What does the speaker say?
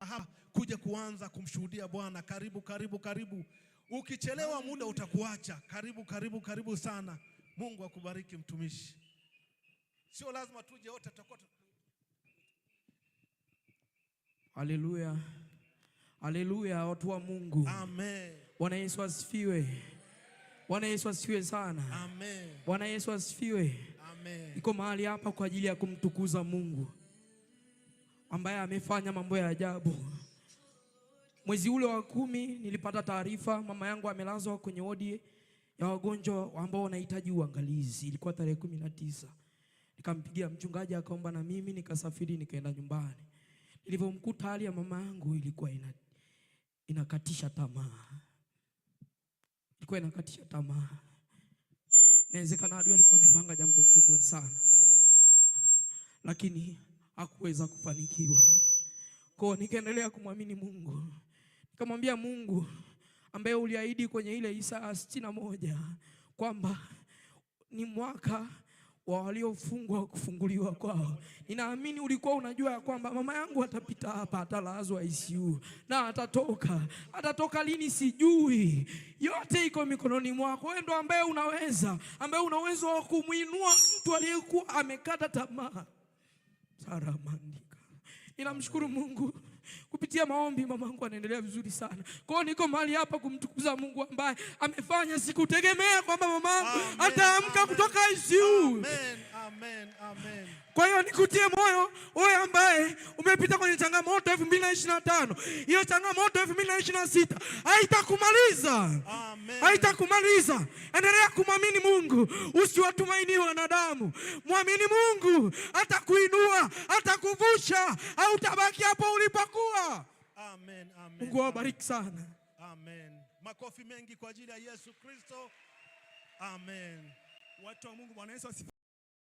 Hapa kuja kuanza kumshuhudia Bwana. Karibu, karibu, karibu. Ukichelewa muda utakuacha. Karibu, karibu, karibu sana. Mungu akubariki mtumishi. Sio lazima tuje wote, tutakuwa Haleluya. Haleluya, watu wa Mungu. Amen. Bwana Yesu asifiwe. Bwana Yesu asifiwe sana. Amen. Bwana Yesu asifiwe. Amen. Iko mahali hapa kwa ajili ya kumtukuza Mungu ambaye amefanya mambo ya ajabu. Mwezi ule wa kumi nilipata taarifa mama yangu amelazwa kwenye wodi ya wagonjwa ambao wanahitaji uangalizi. Ilikuwa tarehe kumi na tisa. Nikampigia mchungaji akaomba na mimi nikasafiri nikaenda nyumbani. Nilivyomkuta hali ya mama yangu ilikuwa ina, inakatisha tamaa. Ilikuwa inakatisha tamaa. Inawezekana adui alikuwa amepanga jambo kubwa sana. Lakini hakuweza kufanikiwa. Kwa nikaendelea kumwamini Mungu, nikamwambia Mungu ambaye uliahidi kwenye ile Isaya sitini na moja kwamba ni mwaka wa waliofungwa kufunguliwa kwao. Ninaamini ulikuwa unajua ya kwamba mama yangu atapita hapa, atalazwa ICU na atatoka. Atatoka lini sijui, yote iko mikononi mwako. Wewe ndo ambaye unaweza, ambaye una uwezo wa kumwinua mtu aliyekuwa amekata tamaa saramandika. Ninamshukuru Mungu kupitia maombi mamangu anaendelea vizuri sana. Kwa niko mahali hapa kumtukuza Mungu ambaye amefanya, sikutegemea kwamba mamangu ataamka kutoka isiu Amen. Amen, amen. Kwa hiyo nikutie moyo wewe ambaye umepita kwenye changamoto 2025. Hiyo changamoto 2026 haitakumaliza. Amen. Haitakumaliza. Endelea kumwamini Mungu, usiwatumainie wanadamu. Mwamini Mungu, atakuinua, atakuvusha, au hautabaki hapo ulipokuwa. Amen, amen. Mungu awabariki sana. Amen. Makofi mengi kwa ajili ya Yesu Kristo. Amen. Watu wa Mungu, Bwana Yesu asifiwe.